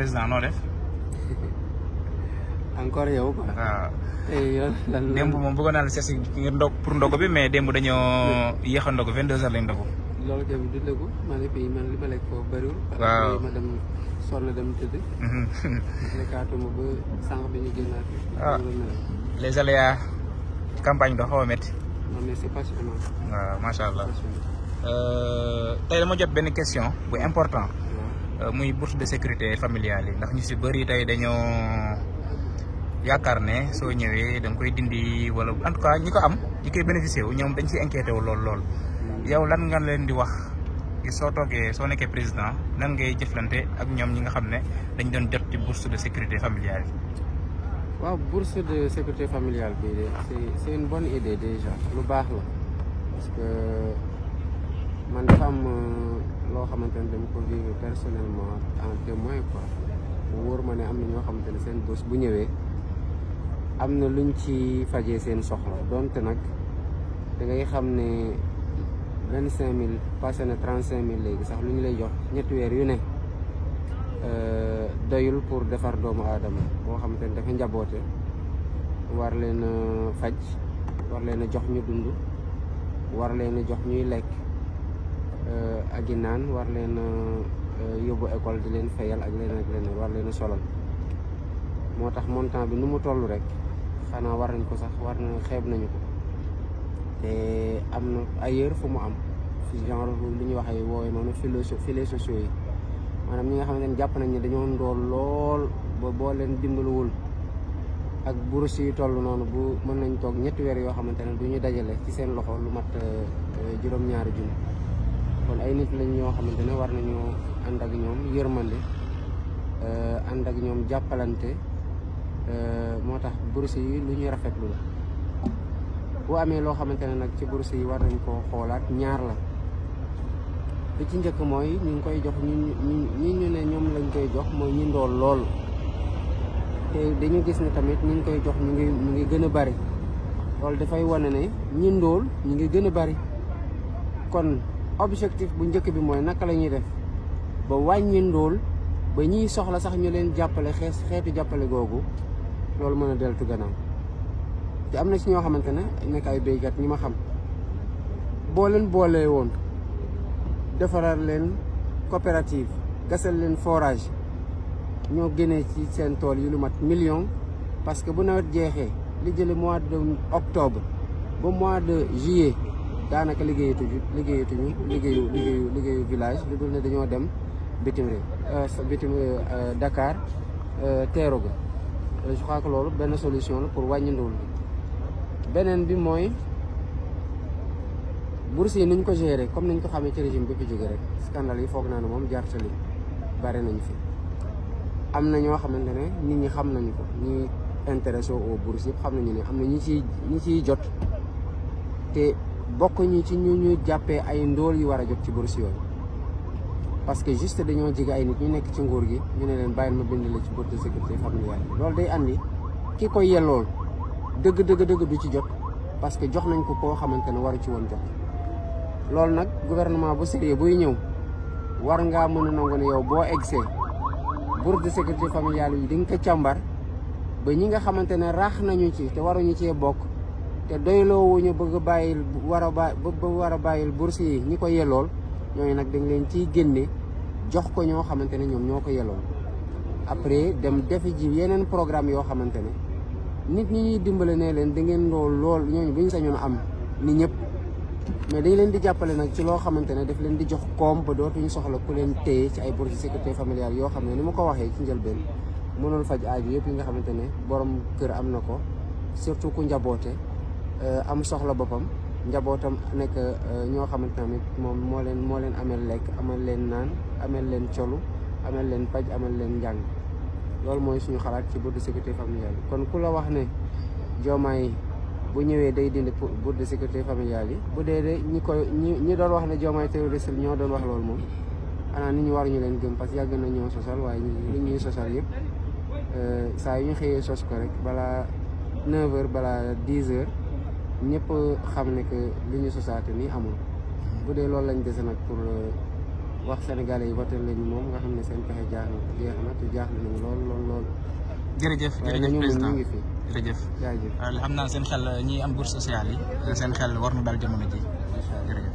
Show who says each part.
Speaker 1: président noo def. encore yow quoi. Ah. Eh, moom bëggoon naa la seet ndog pour ndogu bi mais démb dañoo yéex a ndogu 22h lañ ndogu.
Speaker 2: loolu tamit du dëgg man depuis man mhm.
Speaker 1: ah. xaw a métti. waaw macha allah. Euh, tey dama jot question bu important. Euh, muy bourse de sécurité familiale yi ndax ñu si bëri tey dañoo yaakaar ne soo ñëwee da nga koy dindi wala en tout cas ñi ko am ñi koy bénéficié wu ñoom dañ ciy inquiété wu lool lool. yow lan nga leen di wax soo toogee soo nekkee président lan ngay jëflante ak ñoom ñi nga xam ne dañ doon jot ci bourse de sécurité familiale yi.
Speaker 2: waaw bourse de sécurité familiale bi de c'est c'est une bonne idée déjà lu baax la man dafa euh, loo xamante ne dama ko vivre personnellement en témoin quoi wóor ma ne am na ñoo xamante ne seen bés bu ñëwee am na luñ ci fajee seen soxla donte nag da ngay xam ne vingt cinq mille passé na trente cinq mille léegi sax lu ñu lay jox ñetti weer yu ne euh, doyul pour defar doomu aadama boo xamante ne dafa njaboote war leen faj war leen jox ñu dund war leen a jox ñuy lekk Euh, ak aji naan war leen euh, yóbbu école di leen fayal ak leen ak leen war leen solal moo tax montant bi nu mu toll rek xanaa war nañ ko sax war na xeeb nañu ko te am na ailleurs fu mu am fi genre li ñuy waxee woowee noonu filets sociaux yi maanaam ñi nga xamante ne jàpp nañ ne dañoo ndool lool ba boo leen dimbaluwul ak bourse yu toll noonu bu mën nañ toog ñetti weer yoo xamante ne du ñu dajale ci seen loxo lu mat euh, juróom-ñaari junni kon ay nit lañ ñoo xamante ne war nañoo ànd ak ñoom yërmande euh, ànd ak ñoom jàppalante euh, moo tax bourse yi lu ñuy rafetlu la bu amee loo xamante ne nag ci bourse yi war nañ koo xoolaat ñaar la li ci njëkk mooy ñu ngi koy jox ñu ñu ne ñoom lañ koy jox mooy ñu ndool lool te dañu gis ne tamit ñu ngi koy jox ñu ngi ñu ngi gën a bari loolu dafay wone ne ñi ndool ñu ngi gën a bari kon objectif bu njëkk bi mooy naka la def ba wàññi ndóol ba ñiy soxla sax ñu leen jàppale xees xeetu jàppale googu loolu mën a deltu gannaaw te am na ci ñoo xamante ne nekk ay béykat ñi ma xam boo boolee woon defaral leen coopérative gasal leen forage ñoo génnee ci seen tool yi lu mat million parce que bu nawet jeexee li jële mois de octobre ba mois de juillet daanaka liggéeyatu liggéeyatuñu liggéeyu liggéeyu liggéeyu village lu dul ne dañoo dem bitim réew euh, bitim euh, dakaar euh, teeru ga je crois que loolu benn solution la pour wàññi ndóol bi beneen bi mooy bourse ni ñu ko géré comme niñ ko xamee ci régime bi fi jóge rek scandale yi foog naa ne moom jaartali bare nañ fi am na ñoo xamante ne nit ñi xam nañu ko ñi intéressé aux bourses yëpp xam nañu ne am na ñi ciy ñi ciy jot te bokk ñu ci ñu ñu jàppee ay ndóol yu war a jot ci bourse yoon parce que juste dañoo jege ay nit ñu nekk ci nguur gi ñu ne leen bàyyil ma bind la ci bourse de sécurité familiale loolu day andi ki koy yellool dëgg du ci jot parce que jox nañ ko koo xamante ne waru ci woon jot loolu nag gouvernement bu sérieux buy ñëw war ngaa mën a nangu yow boo egsee bourse de sécurité familiale yi di nga ko càmbar ba ñi nga xamante ne raax nañu ci te waruñu cee bokk te doyloowuñu bëgg a bàyyil war a ba war a bàyyil bourse yi ñi ko yelool ñooñu nag dañ leen ciy génne jox ko ñoo xamante ne ñoom ñoo ko yelool après dem defe ji yeneen programme yoo xamante ne nit ñi ñuy dimbale nee leen da ngeen lool lool ñooñu bu ñu sañoon am ni ñëpp mais dañ leen di jàppale nag ci loo xamante ne daf leen di jox koom ba dootuñu soxla ku leen téye ci ay bourse sécurité familiale yoo xam ne ni ma ko waxee ci njëlbeen mënul faj aaju yëpp yi nga xamante ne borom kër am na ko surtout ku njaboote Euh, am soxla boppam njabootam nekk euh, ñoo xamante tamit moom moo leen moo leen amel lekk amal leen naan amel leen colu amel leen paj amal leen njàng loolu mooy suñu xalaat ci bourse de sécurité familiale ku la wax ne Diomaye yi bu ñëwee day dindi bourse de sécurité familiale yi bu dee de ñi koy ñi ñi doon wax ne Diomaye terroriste ñoo doon wax loolu moom xanaa nit ñu war ñu leen gëm parce que yàgg na ñoo sosal waaye li ñuy sosal yëpp euh, saa yu ñu xëyee sos ko rek balaa 9 heures balaa 10 heures ñépp xam ne que li ñu sosaate nii amul bu dee loolu lañ dese nag pour euh, wax sénégalais yi voté lañu moom nga xam ne seen pexe jaax na jeex na te jaax nañu lool loolu lool.
Speaker 1: jërëjëf jërëjëf président waaye ñu ngi fi. jërëjëf jaajëf xam naa seen xel ñi am bourse sociale yi seen xel
Speaker 2: war na dal jamono ji jërëjëf.